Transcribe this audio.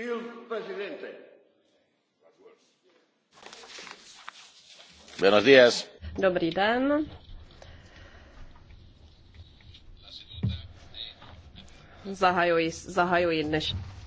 Il presidente. Buenos días. Dobrý den. Zahajuji, zahajuji dnešní